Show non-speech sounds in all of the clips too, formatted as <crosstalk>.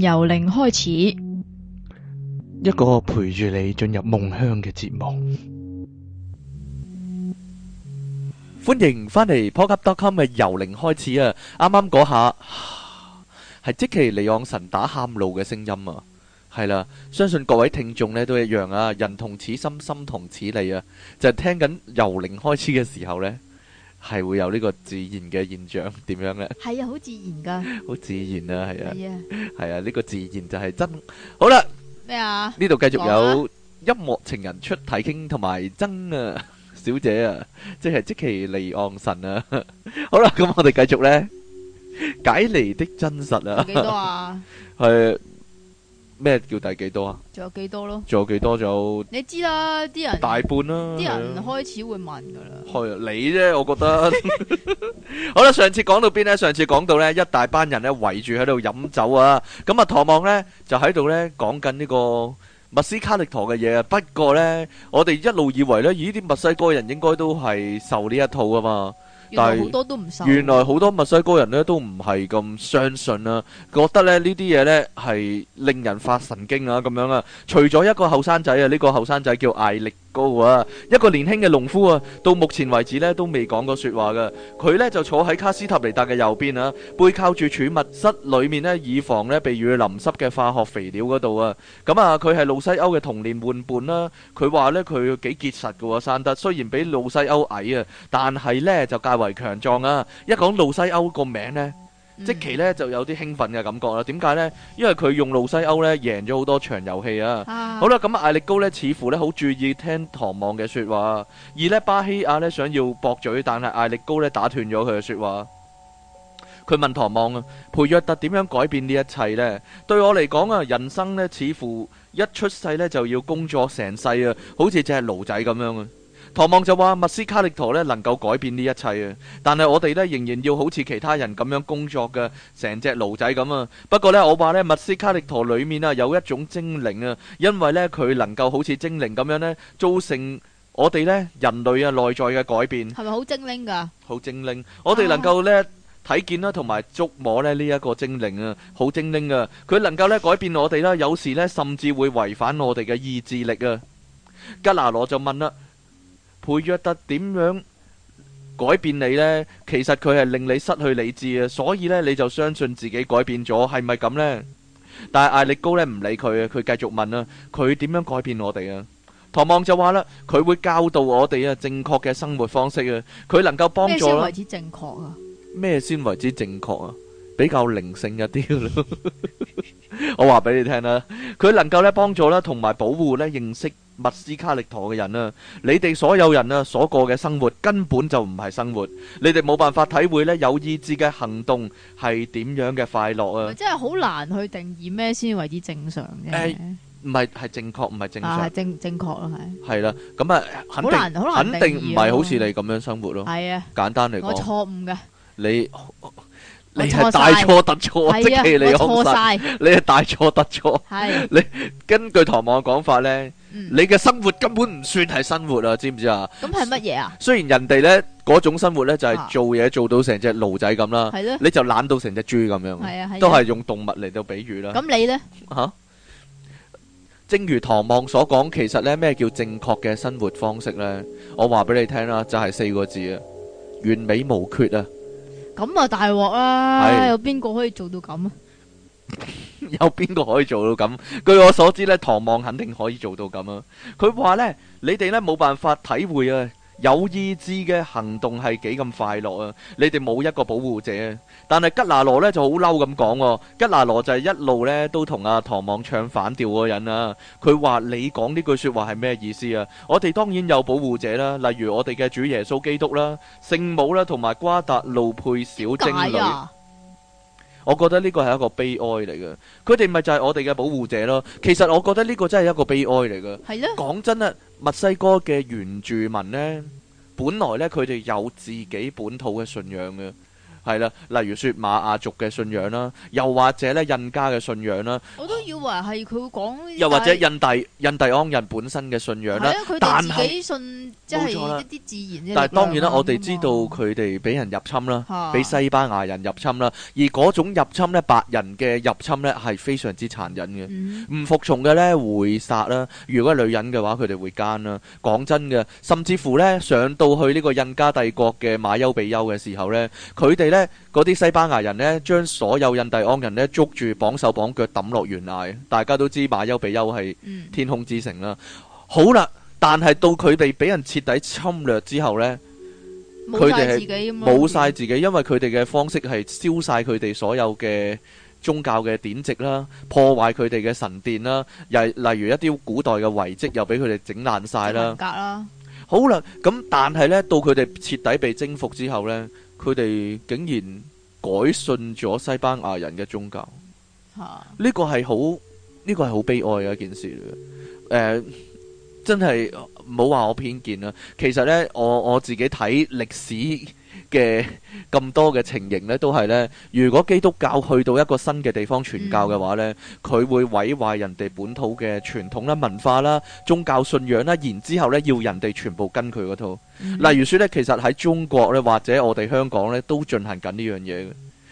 由零開始，一個陪住你進入夢鄉嘅節目，歡迎返嚟。podcast.com 由零開始啊，啱啱嗰下係即其利昂神打喊路嘅聲音啊，係啦，啊，相信各位聽眾呢都一樣啊，人同此心，心同此理啊，就係、是、聽緊由零開始嘅時候呢。係會有呢個自然嘅現象，點樣呢？係呀，好自然㗎。好自然呀，係呀。咩叫第幾多啊？仲有幾多咯？仲有幾多就你知啦，啲人大半啦，啲人開始會問噶啦。係、啊、你啫，我覺得。 <laughs> <laughs> 好啦，上次講到邊呢？上次講到呢，一大班人咧圍住喺度飲酒啊！咁啊，唐望呢，就喺度呢講緊呢個密斯卡力陀嘅嘢啊。不過呢，我哋一路以為呢，呢啲墨西哥人應該都係受呢一套噶嘛。但係原來好多，多墨西哥人咧都唔係咁相信啦、啊，覺得咧呢啲嘢咧係令人發神經啊咁樣啊。除咗一個後生仔啊，呢、呢個後生仔叫艾力。高啊！一個年輕嘅農夫啊，到目前為止呢都未講過說話嘅。佢呢就坐喺卡斯塔尼達嘅右邊啊，背靠住儲物室裏面呢，以防呢被雨淋濕嘅化學肥料嗰度啊。咁啊，佢係路西歐嘅童年玩伴啦，啊。佢話呢，佢幾結實嘅喎，山德雖然比路西歐矮啊，但係呢就較為強壯啊。一講路西歐個名呢。即期呢就有啲興奮嘅感覺啦，點解呢？因為佢用路西歐呢贏咗好多場遊戲啊！啊好啦，咁艾力高呢似乎呢好注意聽唐望嘅説話，而呢巴西亞呢想要駁嘴，但係艾力高呢打斷咗佢嘅説話。佢問唐望啊：培約特點樣改變呢一切呢？對我嚟講啊，人生呢似乎一出世呢就要工作成世啊，好似隻係驢仔咁樣啊！唐望就話：墨斯卡利陀咧能夠改變呢一切啊！但係我哋咧仍然要好似其他人咁樣工作嘅，成隻驢仔咁啊！不過咧，我話咧墨斯卡利陀裏面啊有一種精靈啊，因為咧佢能夠好似精靈咁樣咧，造成我哋咧人類啊內在嘅改變。係咪好精靈㗎？好精靈，我哋能夠咧睇見啦，同埋觸摸咧呢一個精靈啊，好精靈啊！佢能夠咧改變我哋啦，有時咧甚至會違反我哋嘅意志力啊！吉拿羅就問啦。會約得點樣改變你呢？其實佢係令你失去理智啊！所以呢，你就相信自己改變咗，係咪咁呢？但係艾力高呢，唔理佢啊，佢繼續問啊。佢點樣改變我哋啊？唐望就話啦，佢會教導我哋啊正確嘅生活方式啊，佢能夠幫助。咩先為之正確啊？咩先為之正確啊？比較靈性一啲咯，我話俾你聽啦，佢能夠咧幫助咧，同埋保護咧認識密斯卡力陀嘅人啦。你哋所有人啊，所過嘅生活根本就唔係生活，你哋冇辦法體會咧有意志嘅行動係點樣嘅快樂啊！即係好難去定義咩先為之正常嘅。誒，唔係係正確，唔係正常，係正正確咯，係。係啦，咁啊，好難，好難，肯定唔係好似你咁樣生活咯。係啊，簡單嚟講，我錯誤嘅。你。你係大錯特錯，即係、啊、你錯晒、啊， <laughs> 你係大錯特錯。你根據唐望嘅講法呢，嗯、你嘅生活根本唔算係生活啊，知唔知啊？咁係乜嘢啊？雖然人哋呢嗰種生活呢，就係、是、做嘢做到成隻驢仔咁啦，啊、你就懶到成隻豬咁樣，啊啊、都係用動物嚟到比喻啦。咁、啊、你呢？吓、啊？正如唐望所講，其實呢咩叫正確嘅生活方式呢？我話俾你聽啦，就係、是、四個字啊、就是，完美無缺啊！咁啊大鑊啦！是有邊個可以做到咁啊？ <laughs> 有邊個可以做到咁？據我所知咧，唐望肯定可以做到咁啊！佢話咧，你哋咧冇辦法體會啊。有意志嘅行動係幾咁快樂啊！你哋冇一個保護者，但係吉拿羅呢就好嬲咁講喎。吉拿羅就係一路呢都同阿、啊、唐望唱反調嗰人啊。佢話你講呢句說話係咩意思啊？我哋當然有保護者啦，例如我哋嘅主耶穌基督啦、聖母啦、同埋瓜達路佩小精女。我覺得呢個係一個悲哀嚟嘅。佢哋咪就係我哋嘅保護者咯。其實我覺得呢個真係一個悲哀嚟嘅。係呢？講真啊！墨西哥嘅原住民呢，本來呢，佢哋有自己本土嘅信仰嘅。係啦，例如說瑪雅族嘅信仰啦，又或者咧，印加嘅信仰啦，我都以為係佢會講。又或者印，或者印第印第安人本身嘅信仰啦，自己信但係冇錯啦，一啲自然。但係當然啦，我哋知道佢哋俾人入侵啦，俾、啊、西班牙人入侵啦，而嗰種入侵咧，白人嘅入侵咧係非常之殘忍嘅，唔、嗯、服從嘅咧會殺啦。如果係女人嘅話，佢哋會姦啦。講真嘅，甚至乎咧上到去呢個印加帝國嘅馬丘比丘嘅時候咧，佢哋咧。嗰啲西班牙人呢，將所有印第安人呢捉住，綁手綁腳抌落懸崖。大家都知馬丘比丘係天空之城啦。嗯、好啦，但係到佢哋俾人徹底侵略之後呢，佢哋冇晒自己，自己因為佢哋嘅方式係燒晒佢哋所有嘅宗教嘅典籍啦，破壞佢哋嘅神殿啦，又例如一啲古代嘅遺跡又俾佢哋整爛晒啦。好啦，咁但係呢，到佢哋徹底被征服之後呢。佢哋竟然改信咗西班牙人嘅宗教，啊，呢個係好呢個係好悲哀嘅一件事。誒、呃，真係唔好話我偏見啦，其實咧，我我自己睇歷史。嘅咁多嘅情形呢，都係呢，如果基督教去到一個新嘅地方傳教嘅話呢，佢會毀壞人哋本土嘅傳統啦、文化啦、宗教信仰啦，然之後呢要人哋全部跟佢嗰套。例如説呢，其實喺中國呢或者我哋香港呢都進行緊呢樣嘢嘅。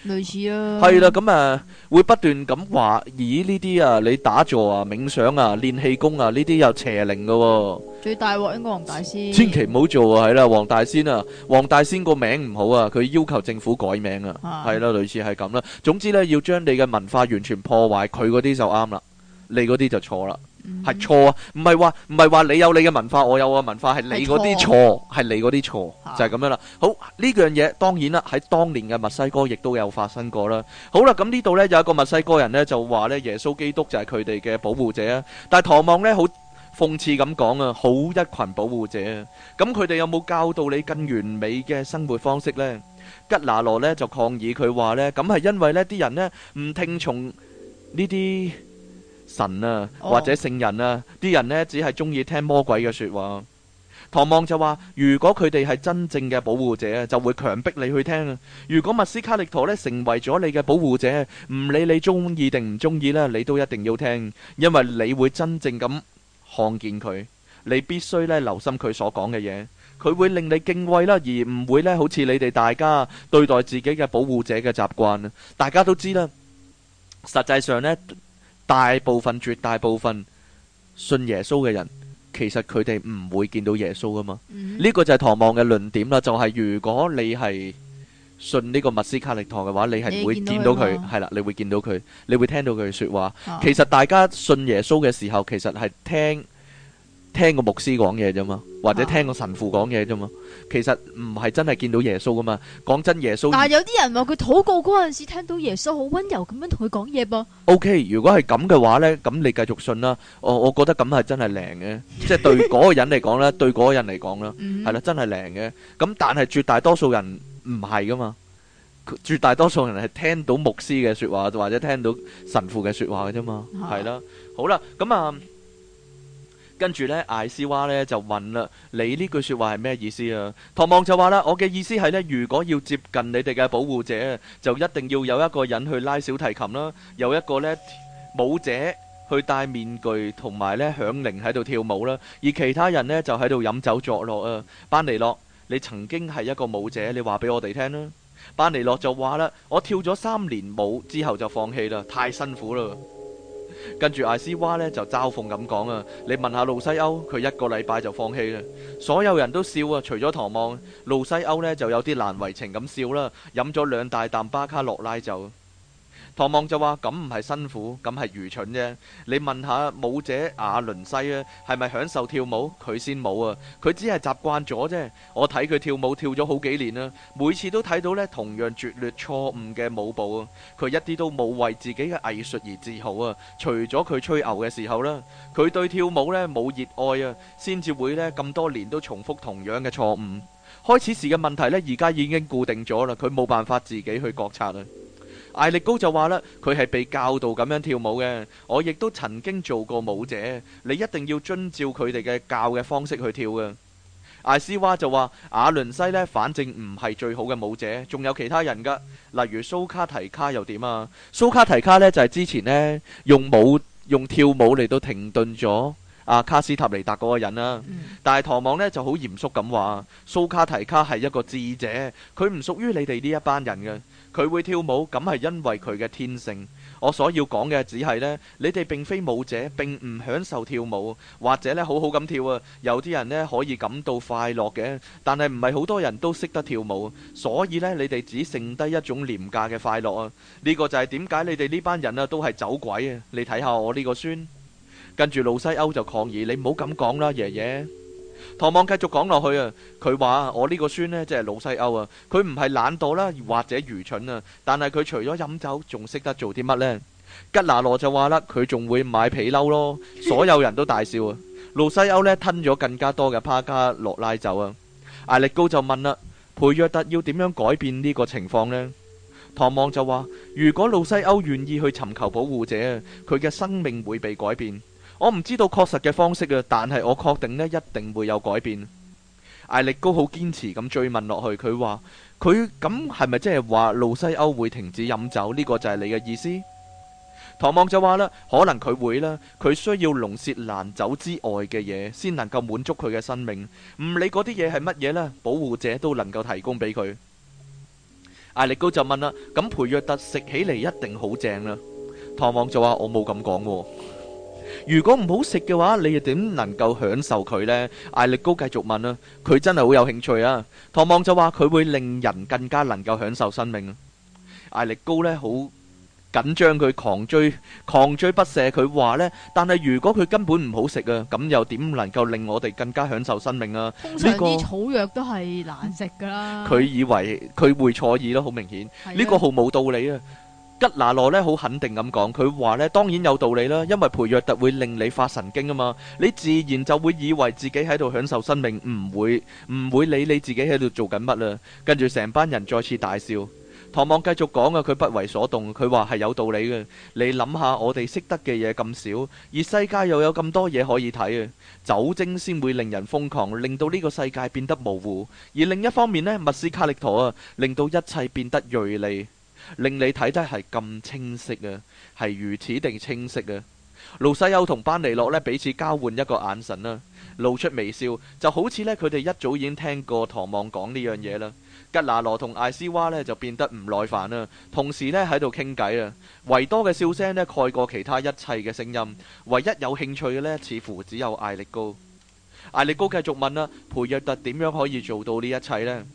類似啊，係啦，咁啊會不斷咁話，咦呢啲啊你打坐啊冥想啊練氣功啊呢啲有邪靈噶，最大鑊應該黃大仙，千祈唔好做啊，係啦黃大仙啊，黃大仙個名唔好啊，佢要求政府改名啊，係啦類似係咁啦，總之呢要將你嘅文化完全破壞，佢嗰啲就啱啦，你嗰啲就錯啦。係錯啊，唔係話唔係話你有你嘅文化，我有我嘅文化，係你嗰啲錯，係你嗰啲錯就係咁樣啦。好，呢樣嘢，當然啦，喺當年嘅墨西哥亦都有發生過啦。好啦，咁呢度咧有一個墨西哥人咧就話咧耶穌基督就係佢哋嘅保護者啊，但係唐望咧好諷刺咁講啊，好一群保護者啊，咁佢哋有冇教導你更完美嘅生活方式咧？吉拿羅咧就抗議佢話咧，咁係因為呢啲人咧唔聽從呢啲。神啊，或者聖人啊，啲人呢，只係中意聽魔鬼嘅說話。唐望就話：如果佢哋係真正嘅保護者，就會強迫你去聽；如果密斯卡力陀呢，成為咗你嘅保護者，唔理你中意定唔中意呢，你都一定要聽，因為你會真正咁看見佢。你必須呢留心佢所講嘅嘢，佢會令你敬畏啦，而唔會呢好似你哋大家對待自己嘅保護者嘅習慣。大家都知啦，實際上呢。大部分、絕大部分信耶穌嘅人，其實佢哋唔會見到耶穌噶嘛。呢、mm hmm. 個就係唐望嘅論點啦。就係、是、如果你係信呢個密斯卡力托嘅話，你係唔會見到佢，係啦，你會見到佢，你會聽到佢説話。啊、其實大家信耶穌嘅時候，其實係聽。聽個牧師講嘢啫嘛，或者聽個神父講嘢啫嘛，其實唔係真係見到耶穌噶嘛。講真耶穌，但係有啲人話佢禱告嗰陣時聽到耶穌好溫柔咁樣同佢講嘢噃。O K，如果係咁嘅話呢，咁你繼續信啦。我我覺得咁係真係靚嘅，即係對嗰個人嚟講啦，對嗰個人嚟講啦，係啦，真係靚嘅。咁但係絕大多數人唔係噶嘛，絕大多數人係聽到牧師嘅說話，或者聽到神父嘅說話嘅啫嘛，係啦。好啦，咁啊。跟住呢，艾斯娃呢就問啦：你呢句說話係咩意思啊？唐望就話啦：我嘅意思係呢，如果要接近你哋嘅保護者，就一定要有一個人去拉小提琴啦，有一個呢舞者去戴面具同埋呢響鈴喺度跳舞啦，而其他人呢，就喺度飲酒作樂啊。班尼諾，你曾經係一個舞者，你話俾我哋聽啦。班尼諾就話啦：我跳咗三年舞之後就放棄啦，太辛苦啦。跟住艾斯娃呢就嘲諷咁講啊，你問下路西歐，佢一個禮拜就放棄啦。所有人都笑啊，除咗唐望，路西歐呢就有啲難為情咁笑啦，飲咗兩大啖巴卡洛拉酒。唐望就話：咁唔係辛苦，咁係愚蠢啫。你問下舞者阿倫西啊，係咪享受跳舞？佢先冇啊，佢只係習慣咗啫。我睇佢跳舞跳咗好幾年啦、啊，每次都睇到呢同樣拙劣錯誤嘅舞步啊。佢一啲都冇為自己嘅藝術而自豪啊。除咗佢吹牛嘅時候啦，佢對跳舞呢冇熱愛啊，先至會呢咁多年都重複同樣嘅錯誤。開始時嘅問題呢，而家已經固定咗啦，佢冇辦法自己去覺察啦。艾力高就話啦，佢係被教導咁樣跳舞嘅。我亦都曾經做過舞者，你一定要遵照佢哋嘅教嘅方式去跳嘅。艾斯娃就話，亞倫西呢，反正唔係最好嘅舞者，仲有其他人噶，例如蘇卡提卡又點啊？蘇卡提卡呢，就係、是、之前呢，用舞用跳舞嚟到停頓咗。啊，卡斯塔尼達嗰個人啦、啊，嗯、但係唐望呢就好嚴肅咁話，蘇卡提卡係一個智者，佢唔屬於你哋呢一班人嘅，佢會跳舞咁係因為佢嘅天性。我所要講嘅只係呢：你哋並非舞者，並唔享受跳舞，或者呢好好咁跳啊，有啲人呢可以感到快樂嘅，但係唔係好多人都識得跳舞，所以呢，你哋只剩低一種廉價嘅快樂啊。呢、這個就係點解你哋呢班人啊都係走鬼啊。你睇下我呢個孫。跟住路西歐就抗議，你唔好咁講啦，爺爺。唐望繼續講落去啊，佢話我呢個孫呢，即係路西歐啊，佢唔係懶惰啦，或者愚蠢啊，但係佢除咗飲酒仲識得做啲乜呢？吉拿羅就話啦，佢仲會買皮褸咯。所有人都大笑啊。路西歐呢，吞咗更加多嘅帕加諾拉酒啊。艾力高就問啦，培約特要點樣改變呢個情況呢？唐望就話如果路西歐願意去尋求保護者，佢嘅生命會被改變。我唔知道確實嘅方式啊，但係我確定呢一定會有改變。艾力高好堅持咁追問落去，佢話佢咁係咪即係話路西歐會停止飲酒？呢個就係你嘅意思？唐望就話啦，可能佢會啦，佢需要龍舌蘭酒之外嘅嘢，先能夠滿足佢嘅生命。唔理嗰啲嘢係乜嘢呢，保護者都能夠提供俾佢。艾力高就問啦，咁、嗯、培約特食起嚟一定好正啦、啊。唐望就話我冇咁講喎。如果唔好食嘅話，你又點能夠享受佢呢？艾力高繼續問啦、啊，佢真係好有興趣啊。唐望就話佢會令人更加能夠享受生命啊。嗯、艾力高呢，好緊張，佢狂追狂追不捨，佢話呢，但係如果佢根本唔好食啊，咁又點能夠令我哋更加享受生命啊？通常啲草藥都係難食噶啦。佢、這個、 <laughs> 以為佢會錯意咯，好明顯呢、嗯嗯、個好冇道理啊。吉拿羅呢好肯定咁講，佢話呢當然有道理啦，因為培約特會令你發神經啊嘛，你自然就會以為自己喺度享受生命，唔會唔會理你自己喺度做緊乜啦。跟住成班人再次大笑，唐望繼續講啊，佢不為所動，佢話係有道理嘅。你諗下我哋識得嘅嘢咁少，而世界又有咁多嘢可以睇啊，酒精先會令人瘋狂，令到呢個世界變得模糊；而另一方面呢，密斯卡力陀啊，令到一切變得銳利。令你睇得係咁清晰啊，係如此定清晰啊？盧西歐同班尼諾咧彼此交換一個眼神啦、啊，露出微笑，就好似呢佢哋一早已經聽過唐望講呢樣嘢啦。吉拿羅同艾斯娃呢就變得唔耐煩啦、啊，同時呢喺度傾偈啊，維多嘅笑聲呢蓋過其他一切嘅聲音，唯一有興趣嘅呢似乎只有艾力高。艾力高繼續問啦、啊：培約特點樣可以做到呢一切呢？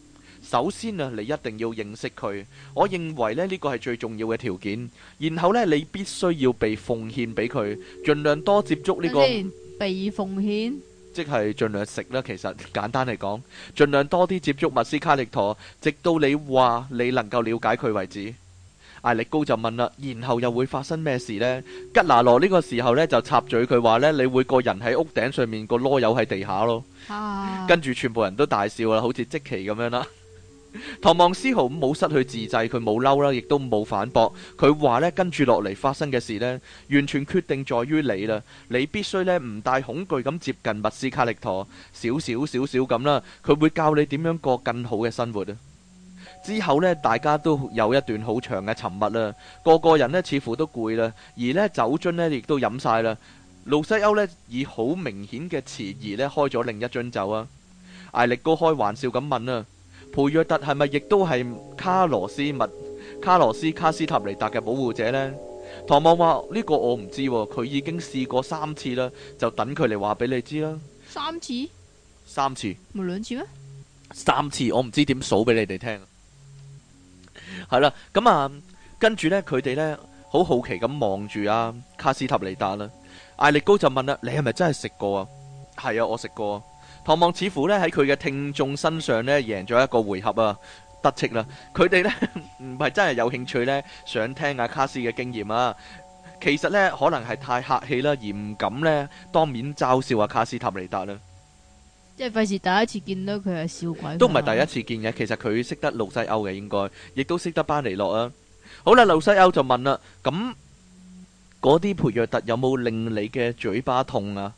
首先啊，你一定要認識佢，我認為呢呢個係最重要嘅條件。然後呢，你必須要被奉獻俾佢，盡量多接觸呢、呢個被奉獻，即係儘量食啦。其實簡單嚟講，儘量多啲接觸密斯卡力陀，直到你話你能夠了解佢為止。艾力高就問啦：「然後又會發生咩事呢？」吉拿羅呢個時候呢，就插嘴佢話呢，你會個人喺屋頂上面，個囉柚喺地下咯，啊、跟住全部人都大笑啦，好似積奇咁樣啦。唐望絲毫冇失去自制，佢冇嬲啦，亦都冇反駁。佢話呢，跟住落嚟發生嘅事呢，完全決定在於你啦。你必須呢唔帶恐懼咁接近密斯卡力陀，少少少少咁啦。佢會教你點樣過更好嘅生活啊！之後呢，大家都有一段好長嘅沉默啦。個個人呢似乎都攰啦，而呢酒樽呢亦都飲晒啦。路西歐呢以好明顯嘅遲疑呢開咗另一樽酒啊！艾力高開玩笑咁問啊！培約特係咪亦都係卡羅斯物卡羅斯卡斯塔尼達嘅保護者呢？唐望話呢個我唔知，佢已經試過三次啦，就等佢嚟話俾你知啦。三次？三次？唔係兩次咩？三次，我唔知點數俾你哋聽。係啦，咁啊，跟住呢，佢哋呢，好好奇咁望住啊卡斯塔尼達啦。艾力高就問啦，你係咪真係食過啊？係啊，我食過啊。唐望似乎呢喺佢嘅聽眾身上呢贏咗一個回合啊，得戚啦！佢哋呢唔係真係有興趣呢，想聽阿卡斯嘅經驗啊。其實呢可能係太客氣啦，而唔敢呢當面嘲笑阿卡斯塔尼達啦。即係費事第一次見到佢係笑鬼，都唔係第一次見嘅。其實佢識得路西歐嘅，應該亦都識得班尼諾啊。好啦，路西歐就問啦：咁嗰啲培若特有冇令你嘅嘴巴痛啊？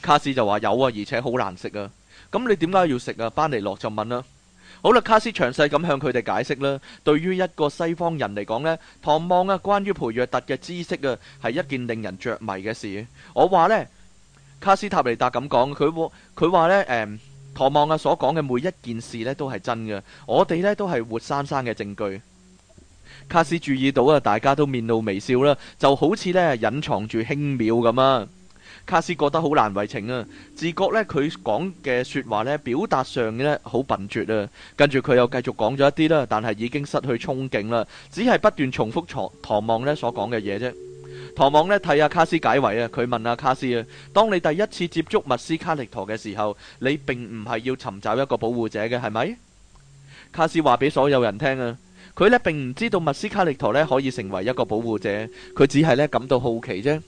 卡斯就話有啊，而且好難食啊。咁你點解要食啊？班尼洛就問啦、啊。好啦，卡斯詳細咁向佢哋解釋啦。對於一個西方人嚟講呢，唐望啊關於培約特嘅知識啊，係一件令人着迷嘅事。我話呢，卡斯塔尼達咁講，佢佢話咧，誒、嗯，唐望啊所講嘅每一件事呢，都係真嘅。我哋呢，都係活生生嘅證據。卡斯注意到啊，大家都面露微笑啦，就好似呢隱藏住輕妙咁啊。卡斯覺得好難為情啊，自覺呢，佢講嘅說話呢，表達上呢好笨拙啊，跟住佢又繼續講咗一啲啦，但係已經失去憧憬啦，只係不斷重複唐望呢所講嘅嘢啫。唐望呢睇下卡斯解圍啊，佢問阿卡斯啊，當你第一次接觸密斯卡力陀嘅時候，你並唔係要尋找一個保護者嘅，係咪？卡斯話俾所有人聽啊，佢並唔知道密斯卡力陀呢可以成為一個保護者，佢只係呢感到好奇啫，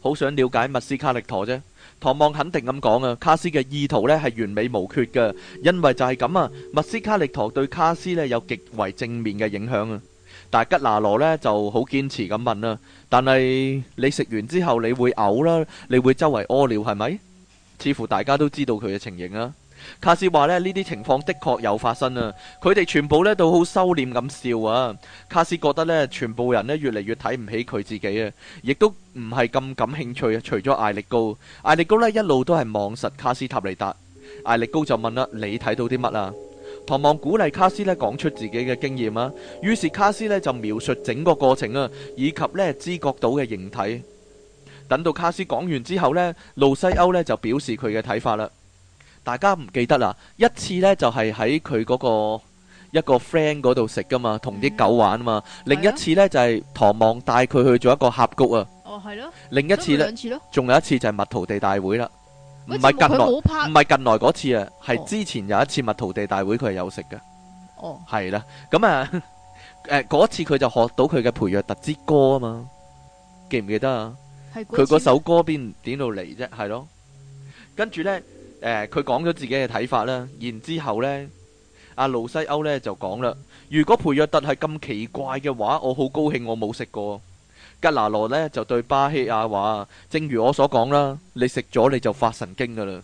好想了解密斯卡力陀啫。唐望肯定咁講啊，卡斯嘅意圖呢係完美無缺嘅，因為就係咁啊，密斯卡力陀對卡斯呢有極為正面嘅影響啊，但係吉拿羅呢就好堅持咁問啦，但係你食完之後你會嘔啦，你會周圍屙尿係咪？似乎大家都知道佢嘅情形啊。卡斯話咧，呢啲情況的確有發生啊！佢哋全部呢都好收斂咁笑啊！卡斯覺得呢，全部人呢越嚟越睇唔起佢自己啊，亦都唔係咁感興趣啊！除咗艾力高，艾力高呢一路都係望實卡斯塔尼達。艾力高就問啦：你睇到啲乜啊？唐望鼓勵卡斯呢講出自己嘅經驗啊！於是卡斯呢就描述整個過程啊，以及呢知覺到嘅形體。等到卡斯講完之後呢，路西歐呢就表示佢嘅睇法啦。大家唔記得啦，一次呢就係喺佢嗰個一個 friend 嗰度食噶嘛，同啲狗玩嘛。另一次呢就係的唐望帶佢去做一個峽谷啊。哦，係咯。另一次呢，仲有一次就係蜜桃地大會啦。唔係近來，唔係近來嗰次啊，係之前有一次蜜桃地大會，佢係有食嘅。哦，係啦。咁、嗯、 <laughs> 啊，誒嗰次佢就學到佢嘅培約特之歌啊嘛。記唔記得啊？佢嗰首歌邊點到嚟啫？係咯。跟住呢。嗯佢講咗自己嘅睇法啦，然之後呢，阿盧西歐呢就講啦：如果培約特係咁奇怪嘅話，我好高興我冇食過。吉拿羅呢，就對巴西亞話：正如我所講啦，你食咗你就發神經噶啦。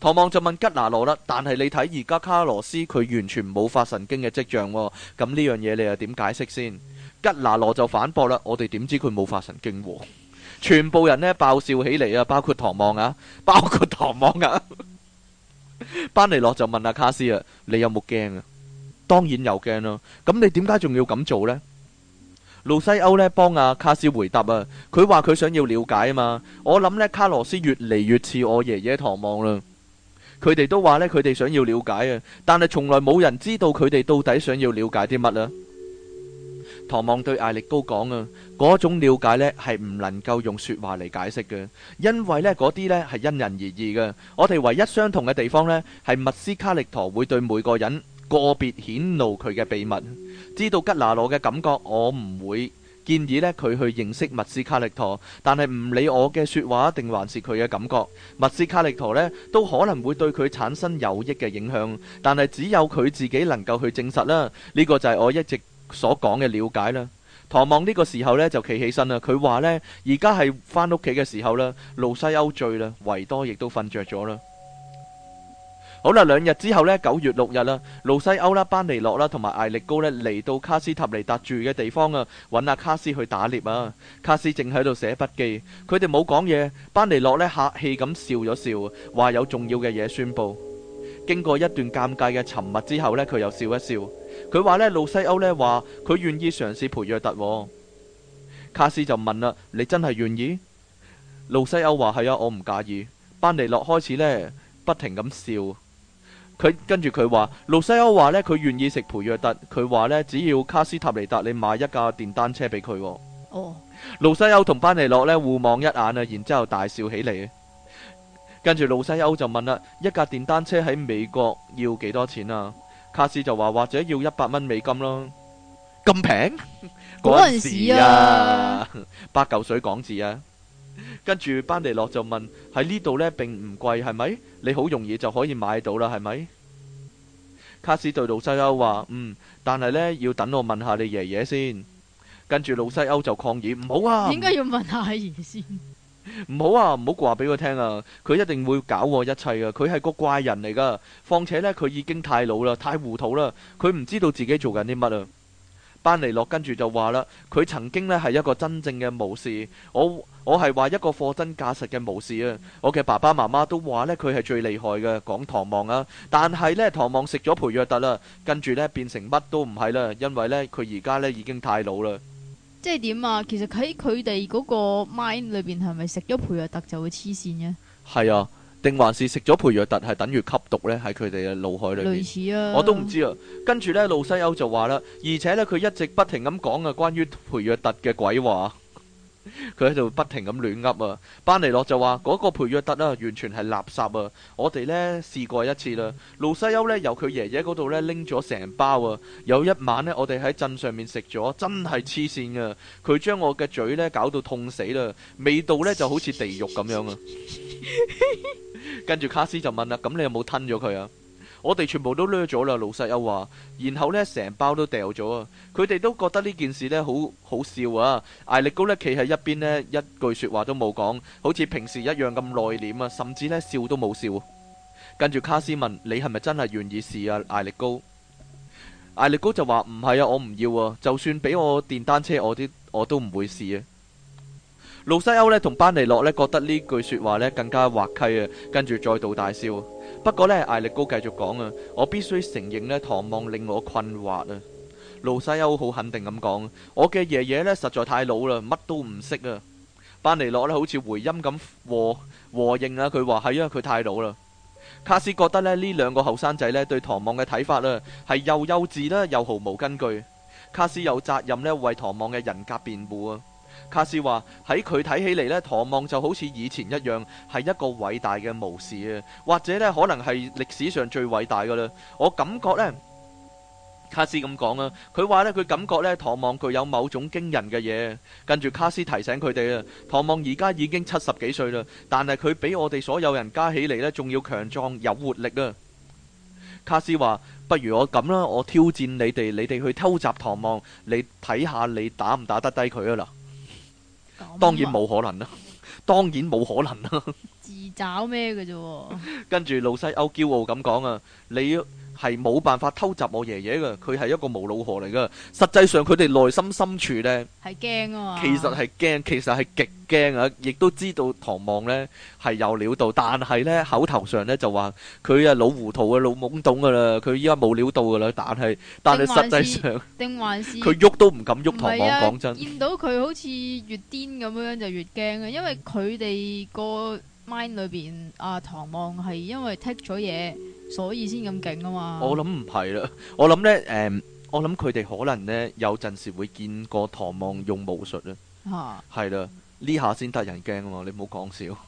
唐望就問吉拿羅啦：但係你睇而家卡羅斯佢完全冇發神經嘅跡象、哦，咁呢樣嘢你又點解釋先？吉拿羅就反駁啦：我哋點知佢冇發神經、哦？全部人呢爆笑起嚟啊，包括唐望啊，包括唐望啊。 <laughs> 班尼洛就問阿卡斯啊，你有冇驚啊？當然有驚咯。咁你點解仲要咁做呢？路西歐呢幫阿卡斯回答啊，佢話佢想要了解啊嘛。我諗呢卡羅斯越嚟越似我爺爺唐望啦。佢哋都話呢，佢哋想要了解啊，但係從來冇人知道佢哋到底想要了解啲乜啊。唐望對艾力高講啊，嗰種了解呢係唔能夠用說話嚟解釋嘅，因為呢嗰啲呢係因人而異嘅。我哋唯一相同嘅地方呢係密斯卡力陀會對每個人個別顯露佢嘅秘密。知道吉拿羅嘅感覺，我唔會建議呢佢去認識密斯卡力陀，但係唔理我嘅說話定還是佢嘅感覺，密斯卡力陀呢都可能會對佢產生有益嘅影響，但係只有佢自己能夠去證實啦。呢個就係我一直。所講嘅了解啦，唐望呢個時候呢，就企起身啦。佢話呢，而家係翻屋企嘅時候啦，路西歐醉啦，維多亦都瞓着咗啦。好啦，兩日之後呢，九月六日啦，路西歐啦、班尼諾啦同埋艾力高呢嚟到卡斯塔尼達住嘅地方啊，揾阿卡斯去打獵啊。卡斯正喺度寫筆記，佢哋冇講嘢。班尼諾呢，客氣咁笑咗笑，話有重要嘅嘢宣佈。經過一段尷尬嘅沉默之後呢，佢又笑一笑。佢話呢，路西歐呢話佢願意嘗試培約特，哦，卡斯就問啦：你真係願意？路西歐話：係、哎、啊，我唔介意。班尼諾開始呢不停咁笑，佢跟住佢話：路西歐話呢，佢願意食培約特，佢話呢，只要卡斯塔尼達你買一架電單車俾佢。哦。Oh. 路西歐同班尼諾呢互望一眼啊，然之後大笑起嚟。跟住路西歐就問啦：一架電單車喺美國要幾多錢啊？卡斯就話或者要一百蚊美金咯，咁平嗰陣時啊，八嚿水港紙啊，跟 <laughs> 住班尼諾就問喺呢度呢？並唔貴係咪？你好容易就可以買到啦係咪？ <laughs> 卡斯對路西歐話：嗯，但係呢，要等我問下你爺爺先。跟住路西歐就抗議：唔好啊，點解要問下阿爺先。 <laughs> 唔好啊！唔好話俾我聽啊！佢一定會搞我一切噶啊。佢係個怪人嚟噶。況且呢，佢已經太老啦，太糊塗啦。佢唔知道自己做緊啲乜啊！班尼諾跟住就話啦，佢曾經呢係一個真正嘅武士。我我係話一個貨真價實嘅武士啊！我嘅爸爸媽媽都話呢，佢係最厲害嘅，講唐望啊。但係呢，唐望食咗培約特啦，跟住呢，變成乜都唔係啦。因為呢，佢而家呢已經太老啦。即係點啊？其實喺佢哋嗰個 mind 裏邊，係咪食咗培若特就會黐線嘅？係啊，定還是食咗培若特係等於吸毒呢？喺佢哋嘅腦海裏面，類似啊、我都唔知啊。跟住呢，路西歐就話啦，而且呢，佢一直不停咁講啊，關於培若特嘅鬼話。佢喺度不停咁亂噏啊，班尼諾就話嗰個培約德啊，完全係垃圾啊！我哋呢試過一次啦，路西歐呢由佢爺爺嗰度呢拎咗成包啊！有一晚呢，我哋喺鎮上面食咗，真係黐線啊！佢將我嘅嘴呢搞到痛死啦，味道呢就好似地獄咁樣啊！ <laughs> 跟住卡斯就問啦：，咁你有冇吞咗佢啊？我哋全部都掠咗啦，路西歐話，然後呢成包都掉咗啊！佢哋都覺得呢件事呢好好笑啊！艾力高呢企喺一邊呢一句說話都冇講，好似平時一樣咁內斂啊，甚至呢笑都冇笑。跟住卡斯問，你係咪真係願意試啊？艾力高，艾力高就話唔係啊，我唔要啊，就算俾我電單車，我啲我都唔會試啊！路西歐呢同班尼洛呢覺得呢句說話呢更加滑稽啊，跟住再度大笑。不過呢，艾力高繼續講啊，我必須承認呢，唐望令我困惑啊。盧西歐好肯定咁講，我嘅爺爺呢，實在太老啦，乜都唔識啊。班尼諾呢，好似回音咁和和應啊，佢話係因為佢太老啦。卡斯覺得呢，呢兩個後生仔呢對唐望嘅睇法啊係又幼稚啦，又毫無根據。卡斯有責任呢，為唐望嘅人格辯護啊。卡斯話喺佢睇起嚟，呢，唐望就好似以前一樣係一個偉大嘅武士啊，或者呢，可能係歷史上最偉大噶啦。我感覺呢，卡斯咁講啊，佢話呢，佢感覺呢，唐望具有某種驚人嘅嘢。跟住卡斯提醒佢哋啊，唐望而家已經七十幾歲啦，但係佢比我哋所有人加起嚟呢，仲要強壯有活力啊。卡斯話，不如我咁啦，我挑戰你哋，你哋去偷襲唐望，你睇下你打唔打得低佢啊啦。當然冇可能啦，當然冇可能啦，自找咩嘅啫。 <laughs> 跟住路西歐驕傲咁講啊，你。係冇辦法偷襲我爺爺嘅，佢係一個無腦河嚟嘅。實際上佢哋內心深處呢，係驚啊嘛。其實係驚，其實係極驚啊！亦都知道唐望呢係有料到，但係呢，口頭上呢就話佢啊老糊塗啊老懵懂噶啦，佢依家冇料到噶啦。但係但係實際上，定還是佢喐都唔敢喐唐望。講、啊、真，見到佢好似越癲咁樣就越驚啊，因為佢哋個。 <laughs> mind 裏邊阿、啊、唐望係因為 take 咗嘢，所以先咁勁啊嘛。我諗唔係啦，我諗咧，誒、嗯，我諗佢哋可能咧有陣時會見過唐望用武術啊。係啦，呢下先得人驚啊嘛，你唔好講笑。 <laughs>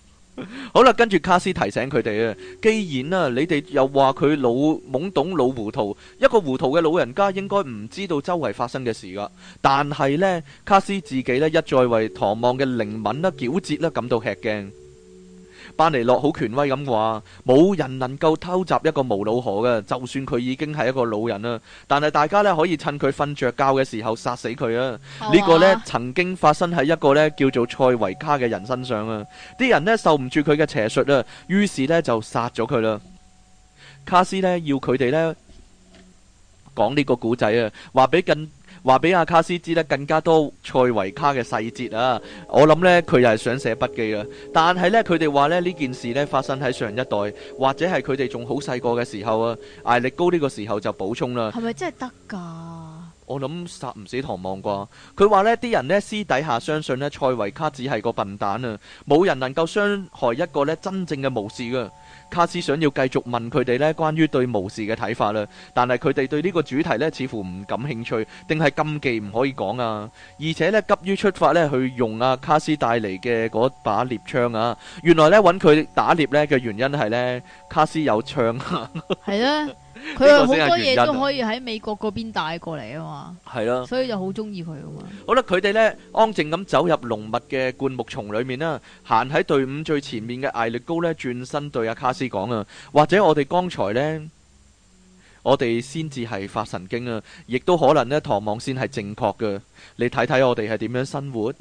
好啦，跟住卡斯提醒佢哋啊，既然啊你哋又話佢老懵懂老糊塗，一個糊塗嘅老人家應該唔知道周圍發生嘅事噶，但係呢，卡斯自己呢，一再為唐望嘅靈敏啦、矯捷啦、啊、感到吃驚。翻嚟落好權威咁話，冇人能夠偷襲一個無腦河嘅，就算佢已經係一個老人啦。但係大家呢可以趁佢瞓着覺嘅時候殺死佢啊！呢個呢曾經發生喺一個呢叫做塞維卡嘅人身上啊！啲人呢受唔住佢嘅邪術啊，於是呢就殺咗佢啦。卡斯呢要佢哋呢講呢個故仔啊，話俾近。話俾阿卡斯知得更加多塞維卡嘅細節啊！我諗呢，佢又係想寫筆記啊。但係呢，佢哋話咧呢件事咧發生喺上一代，或者係佢哋仲好細個嘅時候啊，艾力高呢個時候就補充啦。係咪真係得㗎？我諗殺唔死唐望啩。佢話呢啲人呢，私底下相信呢賽維卡只係個笨蛋啊！冇人能夠傷害一個呢真正嘅巫士噶。卡斯想要繼續問佢哋呢關於對巫士嘅睇法啦，但係佢哋對呢個主題呢，似乎唔感興趣，定係禁忌唔可以講啊！而且呢，急於出發呢去用啊卡斯帶嚟嘅嗰把獵槍啊！原來呢，揾佢打獵呢嘅原因係呢，卡斯有槍啊。係啊。佢好多嘢，都可以喺美國嗰邊帶過嚟啊嘛，係咯的，所以就好中意佢啊嘛。好啦，佢哋呢，安靜咁走入濃密嘅灌木叢裏面啦，行喺隊伍最前面嘅艾力高呢，轉身對阿卡斯講啊，或者我哋剛才呢，我哋先至係發神經啊，亦都可能呢，唐望先係正確㗎。你睇睇我哋係點樣生活。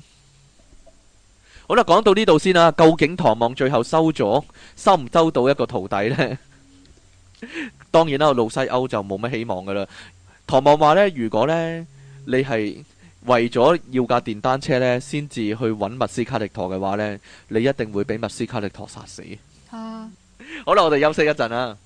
好啦，講到呢度先啦，啊，究竟唐望最後收咗收唔收到一個徒弟呢？ <laughs> 當然啦，路西歐就冇乜希望噶啦。唐望話呢，如果呢，你係為咗要架電單車呢，先至去揾密斯卡利陀嘅話呢，你一定會俾密斯卡利陀殺死。啊， <laughs> 好啦，我哋休息一陣啦。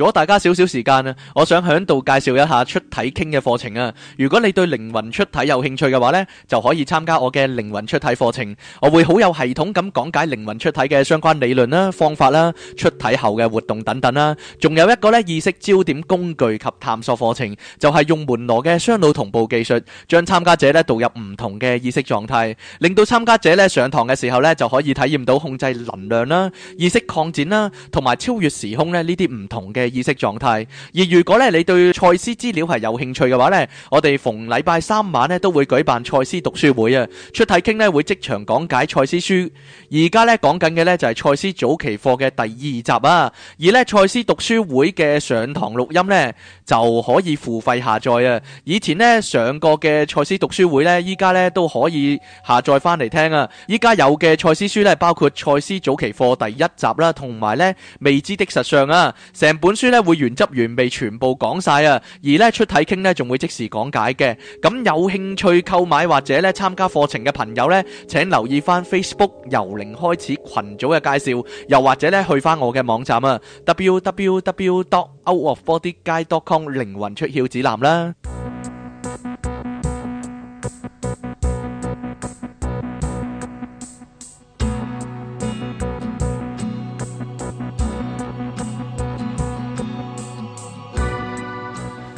攞大家少少時間啊，我想喺度介紹一下出體傾嘅課程啊。如果你對靈魂出體有興趣嘅話咧，就可以參加我嘅靈魂出體課程。我會好有系統咁講解靈魂出體嘅相關理論啦、方法啦、出體後嘅活動等等啦。仲有一個咧意識焦點工具及探索課程，就係用門羅嘅雙腦同步技術，將參加者咧導入唔同嘅意識狀態，令到參加者咧上堂嘅時候咧就可以體驗到控制能量啦、意識擴展啦，同埋超越時空咧呢啲唔同嘅嘅意識狀態。而如果咧你對賽斯資料係有興趣嘅話呢，我哋逢禮拜三晚呢都會舉辦賽斯讀書會啊。出體傾呢會即場講解賽斯書。而家呢，講緊嘅呢就係賽斯早期課嘅第二集啊。而呢，賽斯讀書會嘅上堂錄音呢就可以付費下載啊。以前呢，上過嘅賽斯讀書會呢，依家呢都可以下載翻嚟聽啊。依家有嘅賽斯書呢，包括賽斯早期課第一集啦，同埋呢未知的實相啊，成本。本書咧會原汁原味全部講晒啊，而咧出體傾咧仲會即時講解嘅。咁有興趣購買或者咧參加課程嘅朋友咧，請留意翻 Facebook 由零開始群組嘅介紹，又或者咧去翻我嘅網站啊 www.outofbodyguide.com 靈魂出竅指南啦。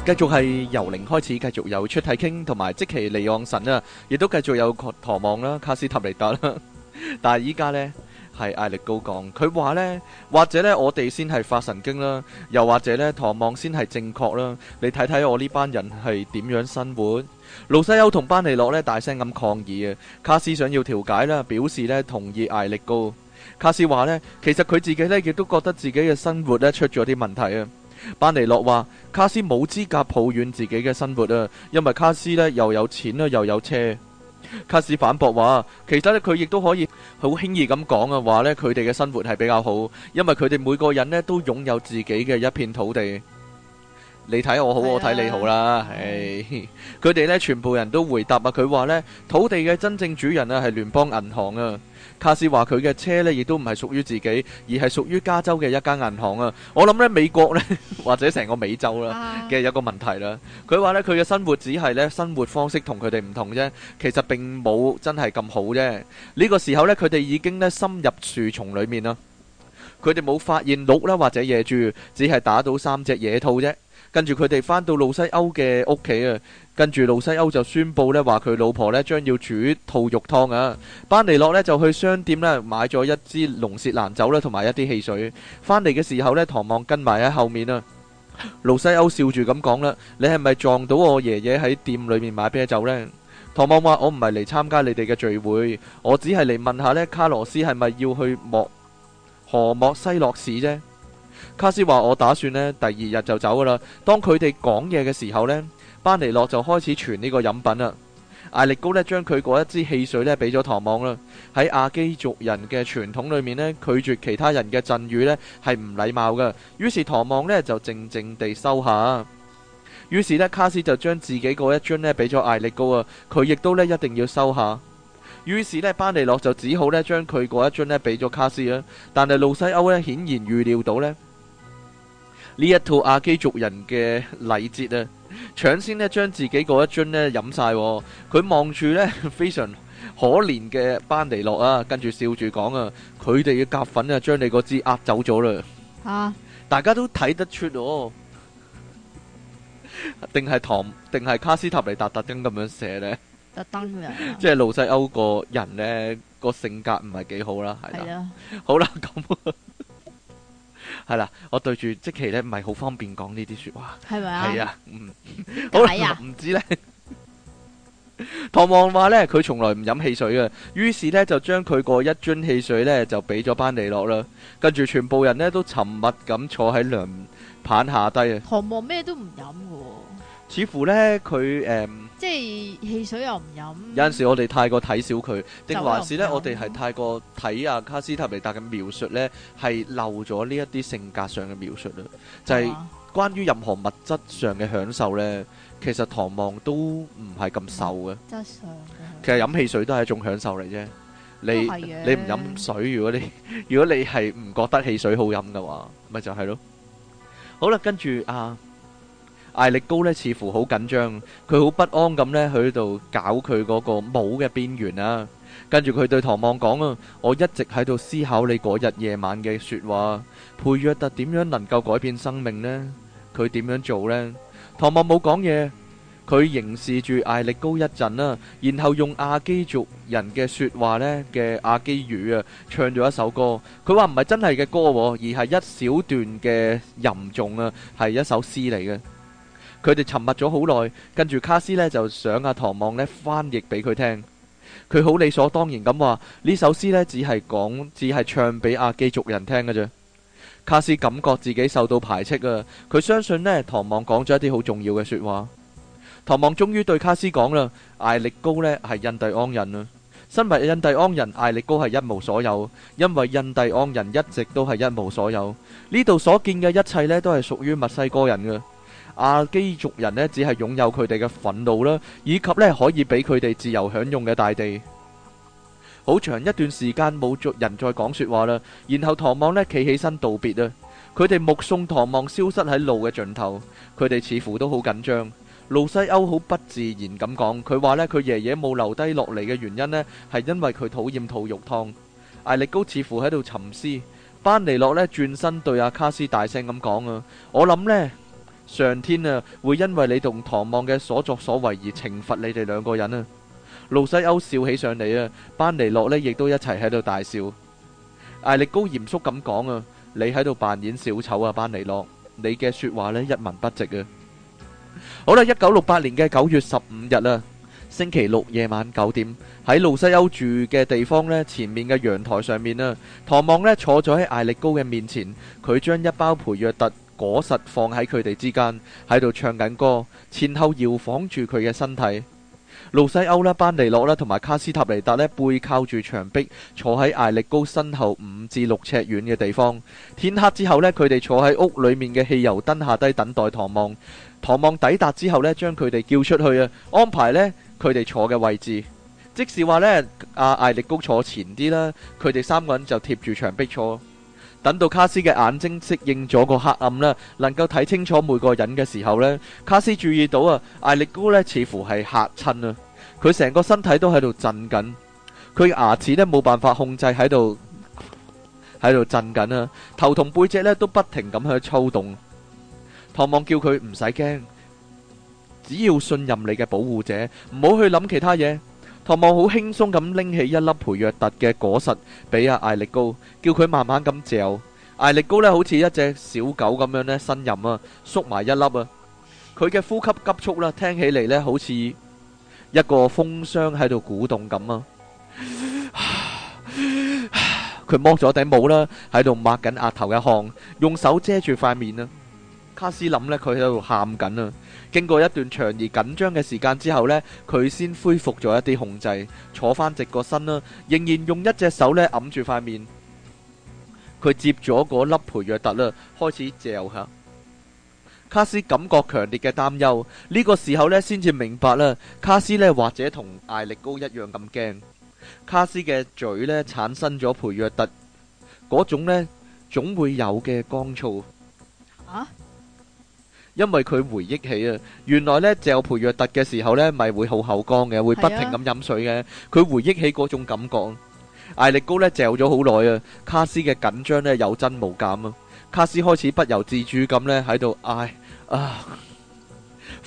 繼續係由零開始，繼續有出體傾，同埋即其利昂神啊，亦都繼續有唐望啦，卡斯塔尼達啦。 <laughs> 但係依家呢，係艾力高講，佢話呢，或者呢，我哋先係發神經啦，又或者呢，唐望先係正確啦。你睇睇我呢班人係點樣生活？盧西歐同班尼諾呢，大聲咁抗議啊！卡斯想要調解啦，表示呢，同意艾力高。卡斯話呢，其實佢自己呢，亦都覺得自己嘅生活呢，出咗啲問題啊。班尼洛話：卡斯冇資格抱怨自己嘅生活啊，因為卡斯咧又有錢啦，又有車。卡斯反駁話：其實咧佢亦都可以好輕易咁講啊，話咧佢哋嘅生活係比較好，因為佢哋每個人咧都擁有自己嘅一片土地。你睇我好，啊、我睇你好啦。唉，佢哋咧全部人都回答啊，佢話咧土地嘅真正主人啊係聯邦銀行啊。卡斯話，佢嘅車呢，亦都唔係屬於自己，而係屬於加州嘅一家銀行啊。我諗呢，美國呢，或者成個美洲啦，嘅一個問題啦。佢話呢，佢嘅生活只係呢，生活方式同佢哋唔同啫，其實並冇真係咁好啫。呢個時候呢，佢哋已經呢深入樹叢裏面啦。佢哋冇發現鹿啦，或者野豬，只係打到三隻野兔啫。跟住佢哋返到路西歐嘅屋企啊，跟住路西歐就宣布呢話佢老婆呢將要煮兔肉湯啊。班尼諾呢就去商店呢買咗一支龍舌蘭酒啦，同埋一啲汽水。返嚟嘅時候呢，唐望跟埋喺後面啊。路西歐笑住咁講啦：「你係咪撞到我爺爺喺店裏面買啤酒呢？」唐望話：我唔係嚟參加你哋嘅聚會，我只係嚟問下呢卡羅斯係咪要去莫河莫西洛市啫？卡斯話：我打算咧，第二日就走噶啦。當佢哋講嘢嘅時候呢，班尼諾就開始傳呢個飲品啦。艾力高咧將佢嗰一支汽水咧俾咗唐望啦。喺亞基族人嘅傳統裏面呢，拒絕其他人嘅贈予呢係唔禮貌噶。於是唐望呢就靜靜地收下。於是呢，卡斯就將自己嗰一樽咧俾咗艾力高啊。佢亦都咧一定要收下。於是呢，班尼洛就只好咧將佢嗰一樽咧俾咗卡斯啊！但係路西歐呢，顯然預料到咧呢一套阿基族人嘅禮節啊，搶先咧將自己嗰一樽咧飲曬。佢望住呢非常可憐嘅班尼洛啊，跟住笑住講啊：佢哋嘅夾粉啊，將你嗰支壓走咗啦！嚇，大家都睇得出哦，定係唐定係卡斯塔尼達特登咁樣寫呢？」呃、即係路西歐個人呢個性格唔係幾好啦，係啦，的好啦，咁係啦，我對住即奇呢，唔係好方便講呢啲說話，係咪啊？係啊，嗯，釋好啦，唔知呢。釋 <laughs> 唐望話呢，佢從來唔飲汽水嘅，於是呢，就將佢個一樽汽水呢，就俾咗班尼洛啦，跟住全部人呢，都沉默咁坐喺涼棚下低啊。唐望咩都唔飲嘅，似乎呢，佢誒。嗯即係汽水又唔飲，有陣時我哋太過睇小佢，定還，還是呢？呢我哋係太過睇阿卡斯塔尼達嘅描述呢，係漏咗呢一啲性格上嘅描述啦。就係、是、關於任何物質上嘅享受呢，其實唐望都唔係咁受嘅。其實飲汽水都係一種享受嚟啫。你你唔飲水，如果你如果你係唔覺得汽水好飲嘅話，咪就係、是、咯。好啦，跟住啊。艾力高咧似乎好緊張，佢好不安咁咧去嗰度搞佢嗰個帽嘅邊緣啦佢哋沉默咗好耐，跟住卡斯呢就想阿唐望呢翻譯俾佢聽，佢好理所當然咁話呢首詩呢，只係講只係唱俾阿基族人聽嘅啫。卡斯感覺自己受到排斥啊。佢相信呢唐望講咗一啲好重要嘅說話。唐望終於對卡斯講啦：艾力高呢係印第安人啊！身為印第安人，艾力高係一無所有，因為印第安人一直都係一無所有。呢度所見嘅一切呢都係屬於墨西哥人嘅。阿基族人咧，只係擁有佢哋嘅憤怒啦，以及咧可以俾佢哋自由享用嘅大地。好長一段時間冇族人再講說話啦。然後唐望咧企起身道別啊，佢哋目送唐望消失喺路嘅盡頭。佢哋似乎都好緊張。路西歐好不自然咁講，佢話呢佢爺爺冇留低落嚟嘅原因呢，係因為佢討厭兔肉湯。艾力高似乎喺度沉思。班尼諾咧轉身對阿卡斯大聲咁講啊，我諗呢……」上天啊，會因為你同唐望嘅所作所為而懲罰你哋兩個人啊！路西歐笑起上嚟啊，班尼諾呢亦都一齊喺度大笑。艾力高嚴肅咁講啊：你喺度扮演小丑啊，班尼諾，你嘅說話呢一文不值啊！好啦，一九六八年嘅九月十五日啊，星期六夜晚九點，喺路西歐住嘅地方呢，前面嘅陽台上面啊，唐望呢坐咗喺艾力高嘅面前，佢將一包培約特果實放喺佢哋之間，喺度唱緊歌，前後搖晃住佢嘅身體。路西歐啦、班尼諾啦同埋卡斯塔尼達咧背靠住牆壁，坐喺艾力高身後五至六尺遠嘅地方。天黑之後咧，佢哋坐喺屋裏面嘅汽油燈下低等待唐望。唐望抵達之後咧，將佢哋叫出去啊，安排咧佢哋坐嘅位置，即是話咧阿艾力高坐前啲啦，佢哋三個人就貼住牆壁坐。等到卡斯嘅眼睛適應咗個黑暗咧，能夠睇清楚每個人嘅時候呢，卡斯注意到啊，艾力姑呢似乎係嚇親啊！佢成個身體都喺度震緊，佢牙齒呢冇辦法控制喺度，喺度震緊啊！頭同背脊呢都不停咁去躁動。唐望叫佢唔使驚，只要信任你嘅保護者，唔好去諗其他嘢。唐望好輕鬆咁拎起一粒培若特嘅果實，俾阿艾力高，叫佢慢慢咁嚼。艾力高呢好似一隻小狗咁樣呢呻吟啊，縮埋一粒啊，佢嘅呼吸急促啦，聽起嚟呢好似一個風箱喺度鼓動咁啊。佢剝咗頂帽啦，喺度抹緊額頭嘅汗，用手遮住塊面啊。卡斯諗呢，佢喺度喊緊啊！經過一段長而緊張嘅時間之後呢，佢先恢復咗一啲控制，坐翻直個身啦，仍然用一隻手呢揞住塊面。佢接咗個粒培若特啦，開始嚼下。卡斯感覺強烈嘅擔憂，呢個時候呢，先至明白啦。卡斯呢或者同艾力高一樣咁驚。卡斯嘅嘴呢產生咗培若特嗰種呢總會有嘅乾燥。啊！因為佢回憶起啊，原來咧嚼培若特嘅時候咧，咪會好口乾嘅，會不停咁飲水嘅。佢回憶起嗰種感覺。艾力高咧嚼咗好耐啊，卡斯嘅緊張咧有增無減啊，卡斯開始不由自主咁咧喺度嗌啊，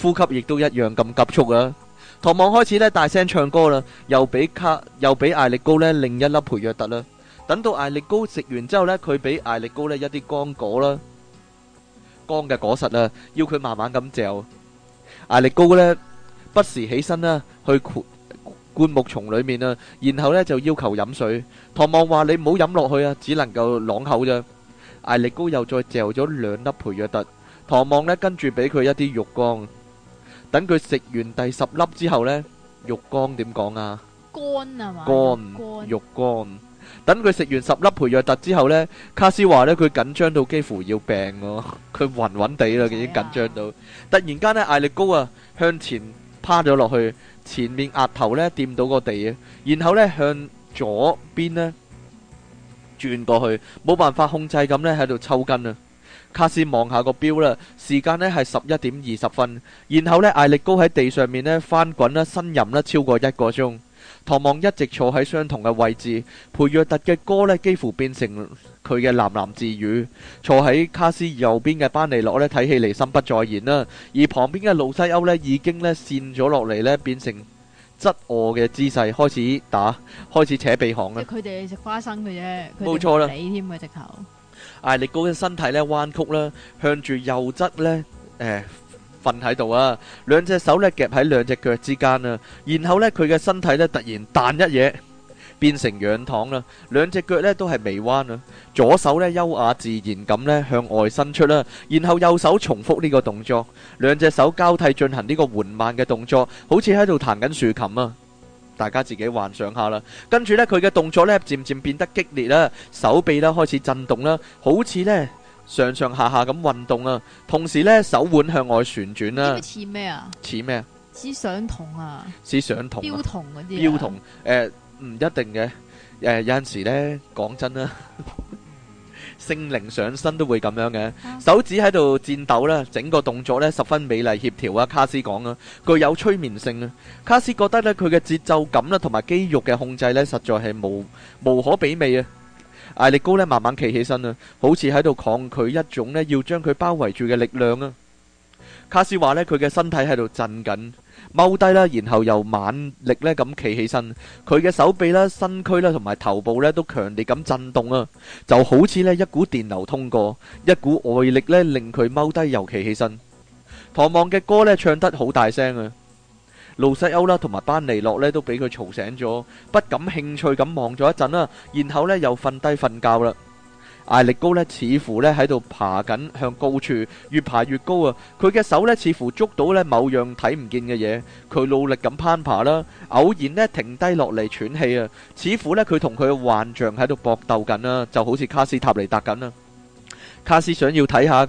呼吸亦都一樣咁急促啊。唐望開始咧大聲唱歌啦，又俾卡又俾艾力高咧另一粒培若特啦。等到艾力高食完之後咧，佢俾艾力高咧一啲乾果啦。乾嘅果實啊，要佢慢慢咁嚼。艾力高呢，不時起身啦，去灌灌木叢裏面啦，然後呢，就要求飲水。唐望話，你唔好飲落去啊，只能夠啷口啫。艾力高又再嚼咗兩粒培若特。唐望呢，跟住俾佢一啲肉乾，等佢食完第十粒之後呢，肉乾點講啊？乾啊嘛。乾。肉乾。等佢食完十粒培若特之後咧，卡斯話咧佢緊張到幾乎要病咯，佢暈暈地啦，已經緊張到。突然間咧，艾力高啊向前趴咗落去，前面額頭咧掂到個地啊，然後咧向左邊咧轉過去，冇辦法控制咁咧喺度抽筋啊！卡斯望下個標啦，時間咧係十一點二十分，然後咧艾力高喺地上面咧翻滾啦、呻吟啦，超過一個鐘。唐望一直坐喺相同嘅位置，培若特嘅歌咧幾乎變成佢嘅喃喃自語。坐喺卡斯右邊嘅班尼諾咧睇起嚟心不在焉啦，而旁邊嘅路西歐咧已經咧跣咗落嚟咧，變成側臥嘅姿勢開始打，開始扯鼻鼾啦。佢哋食花生嘅啫，冇錯啦，死添嘅直頭。艾力高嘅身體咧彎曲啦，向住右側咧誒。呃瞓喺度啊，兩隻手咧夾喺兩隻腳之間啊，然後咧佢嘅身體咧突然彈一嘢，變成仰躺啦，兩隻腳咧都係微彎啊，左手咧優雅自然咁咧向外伸出啦，然後右手重複呢個動作，兩隻手交替進行呢個緩慢嘅動作，好似喺度彈緊豎琴啊，大家自己幻想下啦，跟住咧佢嘅動作咧漸漸變得激烈啦，手臂咧開始震動啦，好似咧。上上下下咁運動啊，同時咧手腕向外旋轉啦。似咩啊？似咩？似上筒啊？似上筒。標筒嗰啲。標筒誒，唔一定嘅。誒，有陣時咧，講真啦，性靈上身都會咁樣嘅。手指喺度戰鬥啦，整個動作咧十分美麗協調啊。卡斯講啊，具有催眠性啊。卡斯覺得咧佢嘅節奏感啦，同埋肌肉嘅控制咧，實在係無無可比美啊。艾力高呢慢慢企起身啦，好似喺度抗拒一種呢要將佢包圍住嘅力量啊。卡斯話呢佢嘅身體喺度震緊踎低啦，然後又猛力呢咁企起身，佢嘅手臂啦、身軀啦同埋頭部呢都強烈咁震動啊，就好似呢一股電流通過，一股外力呢令佢踎低又企起身。唐望嘅歌呢唱得好大聲啊！路西歐啦，同埋班尼諾呢都俾佢嘈醒咗，不感興趣咁望咗一陣啦，然後呢又瞓低瞓覺啦。艾力高呢似乎呢喺度爬緊向高處，越爬越高啊！佢嘅手呢似乎捉到呢某樣睇唔見嘅嘢，佢努力咁攀爬啦，偶然呢停低落嚟喘氣啊！似乎呢佢同佢嘅幻象喺度搏鬥緊啦，就好似卡斯塔尼達緊啦。卡斯想要睇下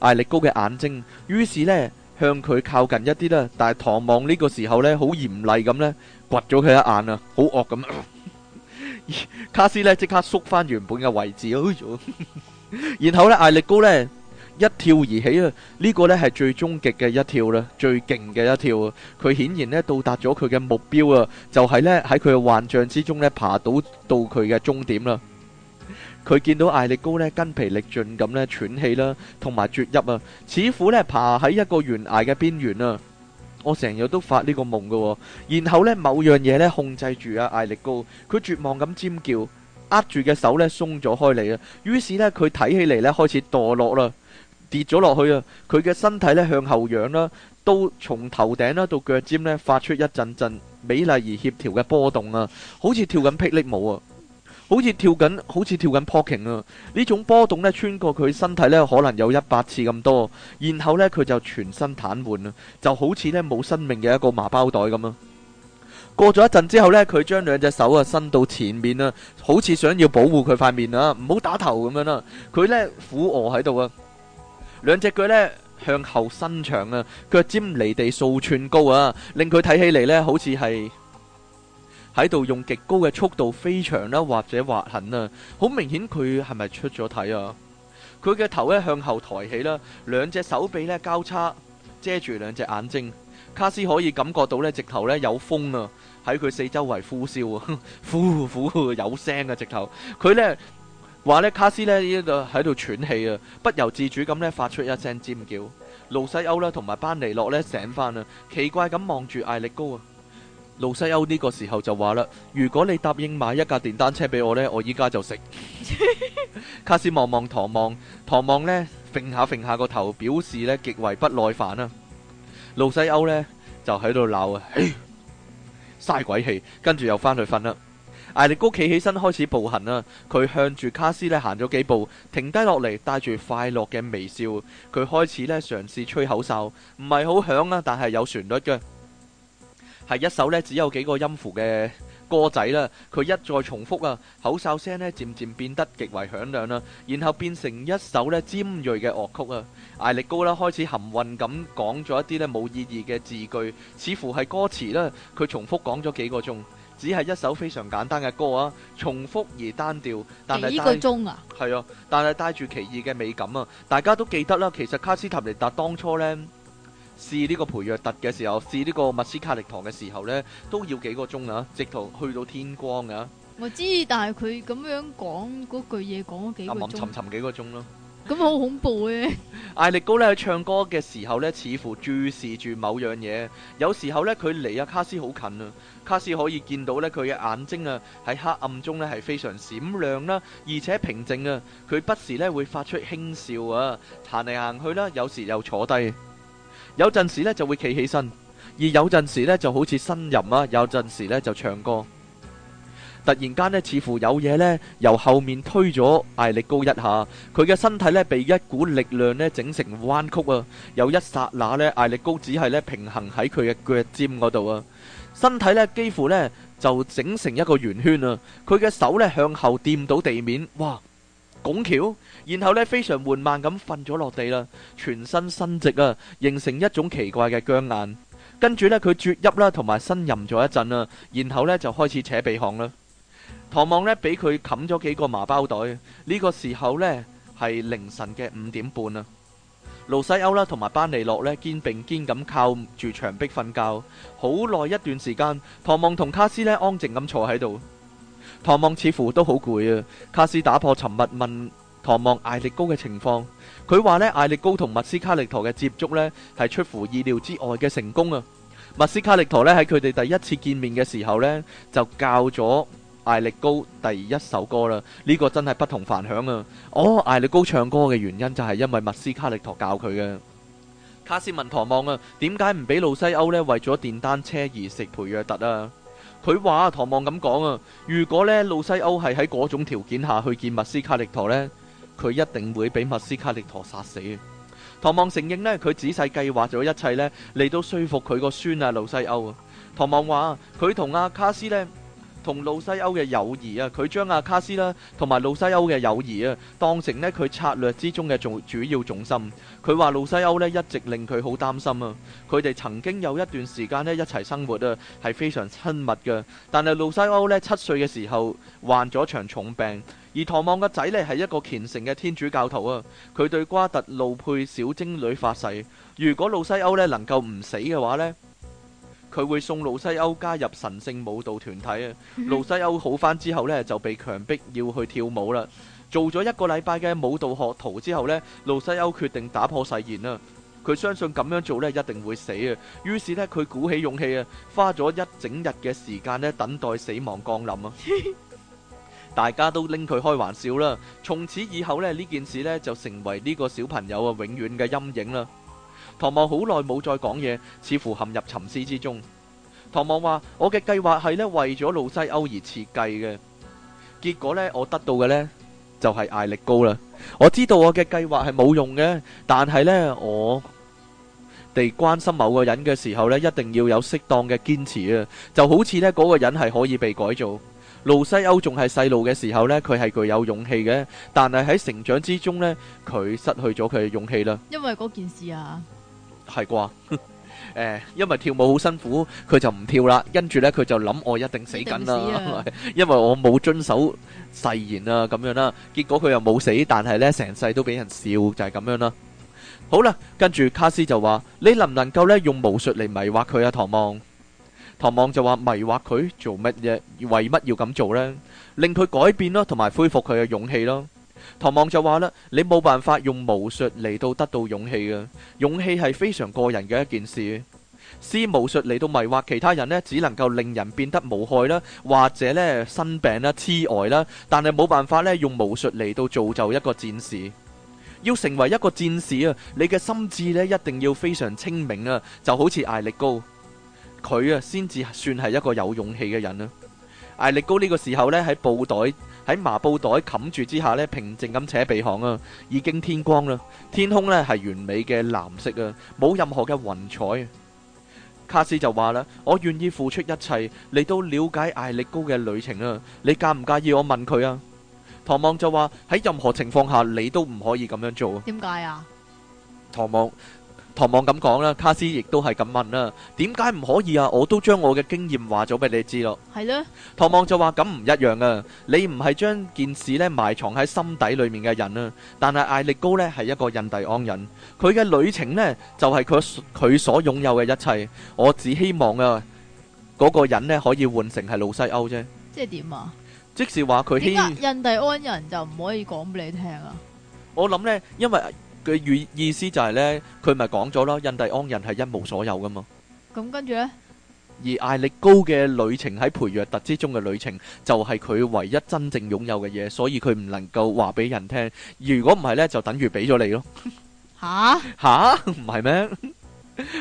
艾力高嘅眼睛，於是呢。向佢靠近一啲啦，但係唐望呢個時候咧，好嚴厲咁咧，掘咗佢一眼啊，好惡咁。卡斯咧即刻縮返原本嘅位置，然後咧艾力高咧一跳而起啊！呢個咧係最終極嘅一跳啦，最勁嘅一跳啊！佢顯然咧到達咗佢嘅目標啊，就係咧喺佢嘅幻象之中咧爬到到佢嘅終點啦。佢見到艾力高呢筋疲力盡咁呢喘氣啦，同埋啜泣啊，似乎呢爬喺一個懸崖嘅邊緣啊！我成日都發呢個夢嘅，然後呢某樣嘢呢控制住啊艾力高，佢絕望咁尖叫，握住嘅手呢鬆咗開嚟啊！於是呢佢睇起嚟呢開始墮落啦，跌咗落去啊！佢嘅身體呢向後仰啦，都從頭頂啦到腳尖呢發出一陣陣美麗而協調嘅波動啊，好似跳緊霹靂舞啊！好似跳緊，好似跳緊 poking 啊！呢種波動呢，穿過佢身體呢，可能有一百次咁多。然後呢，佢就全身癱瘓啦，就好似呢冇生命嘅一個麻包袋咁啊！過咗一陣之後呢，佢將兩隻手啊伸到前面啊，好似想要保護佢塊面啊，唔好打頭咁樣啦。佢呢，俯臥喺度啊，兩隻腳呢，向後伸長啊，腳尖離地數寸高啊，令佢睇起嚟呢，好似係，喺度用極高嘅速度飛翔啦、啊，或者滑行啊！好明顯佢係咪出咗體啊？佢嘅頭咧向後抬起啦，兩隻手臂咧交叉遮住兩隻眼睛。卡斯可以感覺到咧，直頭咧有風啊，喺佢四周圍呼嘯啊，呼 <laughs> 呼 <laughs> <laughs> 有聲啊。直頭。佢咧話咧卡斯咧呢度喺度喘氣啊，不由自主咁咧發出一聲尖叫。盧西歐啦，同埋班尼洛咧醒翻啊，奇怪咁望住艾力高啊！路西歐呢個時候就話啦，如果你答應買一架電單車俾我呢，我依家就食。 <laughs> 卡斯望望唐望，唐望呢，揈下揈下個頭，表示呢極為不耐煩啦、啊。路西歐呢，就喺度鬧啊，嘥鬼氣，跟住又翻去瞓啦。艾力高企起身開始步行啦、啊，佢向住卡斯呢行咗幾步，停低落嚟，帶住快樂嘅微笑，佢開始呢，嘗試吹口哨，唔係好響啦，但係有旋律嘅。係一首咧只有幾個音符嘅歌仔啦，佢一再重複啊，口哨聲咧漸漸變得極為響亮啦，然後變成一首咧尖鋭嘅樂曲啊，艾力高啦開始含混咁講咗一啲咧冇意義嘅字句，似乎係歌詞啦，佢重複講咗幾個鐘，只係一首非常簡單嘅歌啊，重複而單調，但係依個鐘啊，係啊，但係帶住奇異嘅美感啊，大家都記得啦，其實卡斯塔尼達當初咧。試呢個培約特嘅時候，試呢個麥斯卡力堂嘅時候呢，都要幾個鐘啊，直頭去到天光啊。我知，但係佢咁樣講嗰句嘢，講咗幾個時、嗯嗯、沉沉幾個鐘咯。咁好恐怖啊。艾力高呢，喺唱歌嘅時候呢，似乎注視住某樣嘢。有時候呢，佢離阿卡斯好近啊。卡斯可以見到呢，佢嘅眼睛啊喺黑暗中呢，係非常閃亮啦，而且平靜啊。佢不時呢，會發出輕笑啊，行嚟行去啦，有時又坐低。有陣時咧就會企起身，而有陣時咧就好似呻吟啊，有陣時咧就唱歌。突然間咧，似乎有嘢咧由後面推咗艾力高一下，佢嘅身體咧被一股力量咧整成彎曲啊！有一剎那咧，艾力高只係咧平衡喺佢嘅腳尖嗰度啊，身體咧幾乎咧就整成一個圓圈啊！佢嘅手咧向後掂到地面，哇！拱橋，然後呢非常緩慢咁瞓咗落地啦，全身伸直啊，形成一種奇怪嘅僵硬。跟住呢，佢啜泣啦，同埋呻吟咗一陣啦，然後呢就開始扯鼻鼾啦。唐望呢俾佢冚咗幾個麻包袋，呢、這個時候呢係凌晨嘅五點半啊。盧西歐啦同埋班尼洛呢肩並肩咁靠住牆壁瞓覺，好耐一段時間，唐望同卡斯呢安靜咁坐喺度。唐望似乎都好攰啊！卡斯打破沉默問唐望艾力高嘅情況，佢話呢艾力高同密斯卡力陀嘅接觸呢係出乎意料之外嘅成功啊！密斯卡力陀呢喺佢哋第一次見面嘅時候呢，就教咗艾力高第一首歌啦，呢、這個真係不同凡響啊！哦，艾力高唱歌嘅原因就係因為密斯卡力陀教佢嘅。卡斯問唐望啊，點解唔俾路西歐呢？為咗電單車而食培約特啊？佢話唐望咁講啊，如果呢路西歐係喺嗰種條件下去見密斯卡力陀呢，佢一定會俾密斯卡力陀殺死。唐望承認呢，佢仔細計劃咗一切呢，嚟到說服佢個孫啊路西歐啊。唐望話佢同阿卡斯呢，同路西歐嘅友誼啊，佢將阿卡斯啦同埋路西歐嘅友誼啊，當成呢佢策略之中嘅重主要重心。佢話路西歐呢一直令佢好擔心啊。佢哋曾經有一段時間呢一齊生活啊，係非常親密嘅。但係路西歐呢七歲嘅時候患咗場重病，而唐望個仔呢係一個虔誠嘅天主教徒啊。佢對瓜特路佩小精女發誓，如果路西歐呢能夠唔死嘅話呢……」佢會送路西歐加入神聖舞蹈團體啊！路西歐好返之後咧，就被強迫要去跳舞啦。做咗一個禮拜嘅舞蹈學徒之後咧，路西歐決定打破誓言啦。佢相信咁樣做咧一定會死啊。於是咧，佢鼓起勇氣啊，花咗一整日嘅時間咧等待死亡降臨啊！大家都拎佢開玩笑啦。從此以後咧，呢件事咧就成為呢個小朋友啊永遠嘅陰影啦。唐望好耐冇再講嘢，似乎陷入沉思之中。唐望話：我嘅計劃係咧為咗路西歐而設計嘅，結果咧我得到嘅咧就係艾力高啦。我知道我嘅計劃係冇用嘅，但係咧我哋關心某個人嘅時候咧，一定要有適當嘅堅持啊！就好似咧嗰個人係可以被改造。路西歐仲係細路嘅時候咧，佢係具有勇氣嘅，但係喺成長之中咧，佢失去咗佢嘅勇氣啦。因為嗰件事啊。係啩？誒，因為跳舞好辛苦，佢就唔跳啦。跟住咧，佢就諗我一定死緊啦，因為我冇遵守誓言啊，咁樣啦。結果佢又冇死，但係咧成世都俾人笑，就係咁樣啦。好啦，跟住卡斯就話：你能唔能夠咧用巫術嚟迷惑佢啊？唐望，唐望就話迷惑佢做乜嘢？為乜要咁做咧？令佢改變咯，同埋恢復佢嘅勇氣咯。唐望就話啦：你冇辦法用巫術嚟到得到勇氣嘅，勇氣係非常過人嘅一件事。施巫術嚟到迷惑其他人呢，只能夠令人變得無害啦，或者呢身病啦、癡呆啦，但係冇辦法呢，用巫術嚟到造就一個戰士。要成為一個戰士啊，你嘅心智呢一定要非常清明啊，就好似艾力高，佢啊先至算係一個有勇氣嘅人啊。艾力高呢個時候呢，喺部隊。喺麻布袋冚住之下呢平靜咁扯鼻鼾啊！已經天光啦，天空呢係完美嘅藍色啊，冇任何嘅雲彩。卡斯就話啦：我願意付出一切你都了解艾力高嘅旅程啊！你介唔介意我問佢啊？唐望就話：喺任何情況下，你都唔可以咁樣做啊！點解啊？唐望。唐望咁講啦，卡斯亦都係咁問啦，點解唔可以啊？我都將我嘅經驗話咗俾你知咯。係咧，唐望就話咁唔一樣啊！你唔係將件事咧埋藏喺心底裏面嘅人啊，但係艾力高咧係一個印第安人，佢嘅旅程咧就係佢佢所擁有嘅一切。我只希望啊，嗰個人咧可以換成係老西歐啫。即係點啊？即是話佢希印第安人就唔可以講俾你聽啊？我諗咧，因為。佢嘅意思就係咧，佢咪講咗啦，印第安人係一無所有噶嘛。咁跟住咧，而艾力高嘅旅程喺培約特之中嘅旅程，就係佢唯一真正擁有嘅嘢，所以佢唔能夠話俾人聽。如果唔係咧，就等於俾咗你咯。吓吓，唔係咩？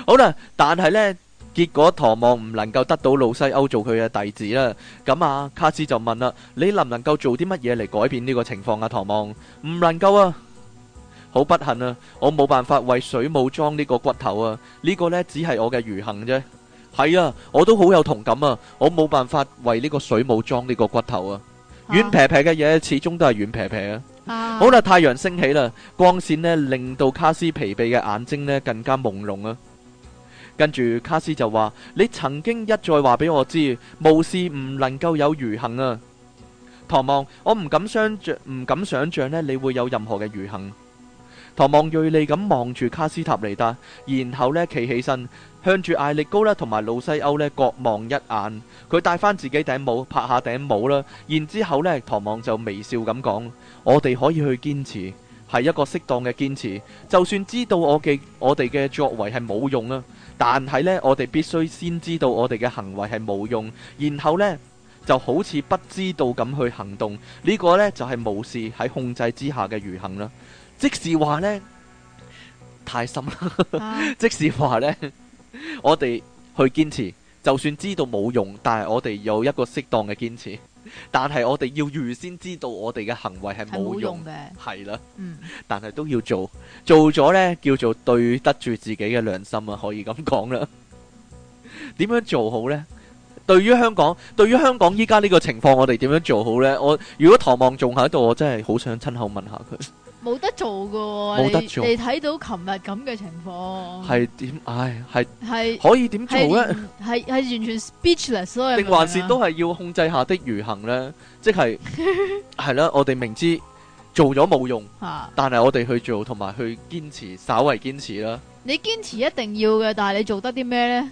好啦，但係咧，結果唐望唔能夠得到老西歐做佢嘅弟子啦。咁啊，卡斯就問啦：你能唔能夠做啲乜嘢嚟改變呢個情況啊？唐望唔能夠啊。好不幸啊！我冇辦法為水母裝呢個骨頭啊！呢個呢，只係我嘅餘幸啫。係啊，我都好有同感啊！我冇辦法為呢個水母裝呢個骨頭啊！軟撇撇嘅嘢始終都係軟撇撇啊！好啦，太陽升起啦，光線呢，令到卡斯疲憊嘅眼睛呢更加朦朧啊！跟住卡斯就話：你曾經一再話俾我知，無事唔能夠有餘幸啊！唐望，我唔敢想象，唔敢想象呢，你會有任何嘅余幸。唐望銳利咁望住卡斯塔尼達，然後咧企起身，向住艾力高咧同埋路西歐咧各望一眼。佢戴翻自己頂帽，拍下頂帽啦。然之後咧，唐望就微笑咁講：我哋可以去堅持，係一個適當嘅堅持。就算知道我嘅我哋嘅作為係冇用啦，但係呢，我哋必須先知道我哋嘅行為係冇用，然後呢，就好似不知道咁去行動呢、呢個呢，就係、是、無視喺控制之下嘅愚行啦。即是話呢，太深啦。 <laughs> 即是話呢，我哋去堅持，就算知道冇用，但係我哋有一個適當嘅堅持。但係我哋要預先知道我哋嘅行為係冇用嘅，係啦，了嗯，但係都要做做咗呢，叫做對得住自己嘅良心啊，可以咁講啦。點 <laughs> 樣做好呢？對於香港，對於香港依家呢個情況，我哋點樣做好呢？我如果唐望仲喺度，我真係好想親口問下佢。 <laughs> 冇得做㗎得，你你睇到琴日咁嘅情況係點？唉，係、哎、係是可以點做咧？係係完全 speechless 咯，定還是都係要控制下的餘行咧？即係係 <laughs> 啦，我哋明知做咗冇用， <laughs> 但係我哋去做同埋去堅持，稍為堅持啦。你堅持一定要嘅，但係你做得啲咩咧？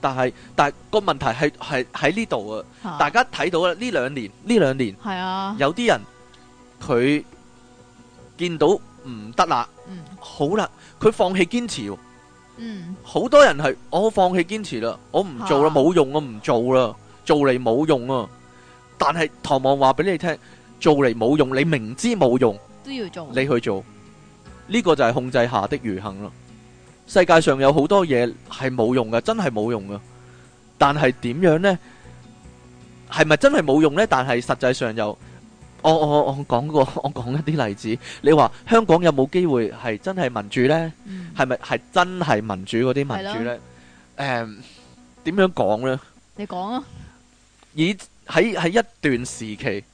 但係但係個問題係係喺呢度啊！大家睇到啦，呢兩年呢兩年係啊， <laughs> 有啲人佢。見到唔得啦，好啦，佢放棄堅持。嗯，好多人係我放棄堅持啦，我唔做啦，冇用，我唔做啦，做嚟冇用啊！但係唐望話俾你聽，做嚟冇用，你明知冇用都要做，你去做，呢個就係控制下的愚行啦。世界上有好多嘢係冇用嘅，真係冇用噶。但係點樣呢？係咪真係冇用呢？但係實際上又？我我我講過，我講一啲例子。你話香港有冇機會係真係民主呢？係咪係真係民主嗰啲民主呢？誒是的、um，點樣講呢？你講啊！以喺喺一段時期，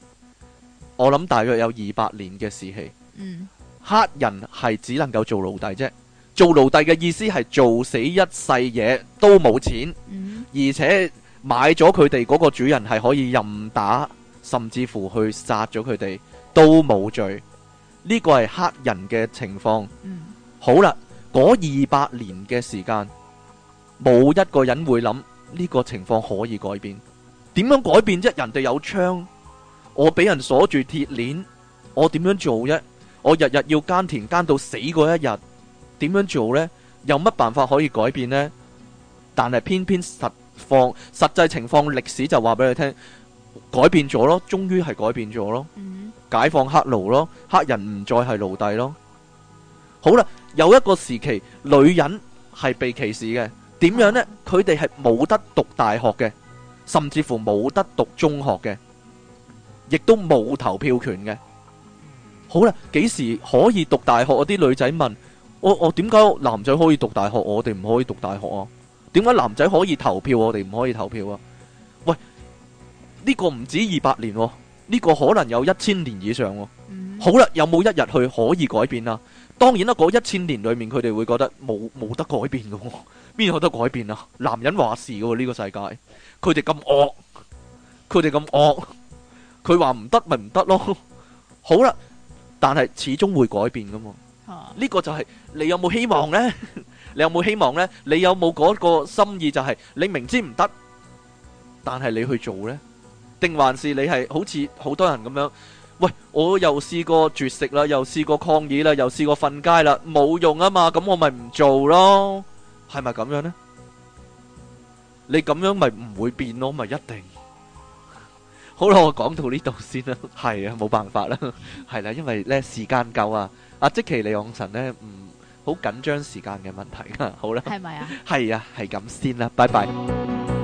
我諗大約有二百年嘅時期，嗯、黑人係只能夠做奴隸啫。做奴隸嘅意思係做死一世嘢都冇錢，嗯、而且買咗佢哋嗰個主人係可以任打。甚至乎去殺咗佢哋都冇罪，呢個係黑人嘅情況。嗯、好啦，嗰二百年嘅時間，冇一個人會諗呢個情況可以改變。點樣改變啫？人哋有槍，我俾人鎖住鐵鏈，我點樣做啫？我日日要耕田耕到死嗰一日，點樣做呢？有乜辦法可以改變呢？但係偏偏實況，實際情況歷史就話俾你聽。改變咗咯，終於係改變咗咯，mm hmm. 解放黑奴咯，黑人唔再係奴隸咯。好啦，有一個時期，女人係被歧視嘅，點樣呢？佢哋係冇得讀大學嘅，甚至乎冇得讀中學嘅，亦都冇投票權嘅。好啦，幾時可以，可，以可以讀大學啊？啲女仔問：我我點解男仔可以讀大學，我哋唔可以讀大學啊？點解男仔可以投票，我哋唔可以投票啊？呢個唔止二百年喎，呢個可能有一千年以上喎。好啦，有冇一日去可以改變啊？當然啦，嗰一千年裏面佢哋會覺得冇冇得改變㗎喎，邊有得改變啊？男人話事㗎呢個世界，佢哋咁惡，佢哋咁惡，佢話唔得咪唔得咯。好啦，但係始終會改變㗎喎？呢個就係你有冇希望呢？你有冇希望呢？你有冇嗰個心意就係你明知唔得，但係你去做呢？定好啦，我講到呢度先啦。係呀，冇辦法啦，係啦，因為呢，時間夠呀。 <laughs> 是啊,沒辦法了。 <laughs> <laughs>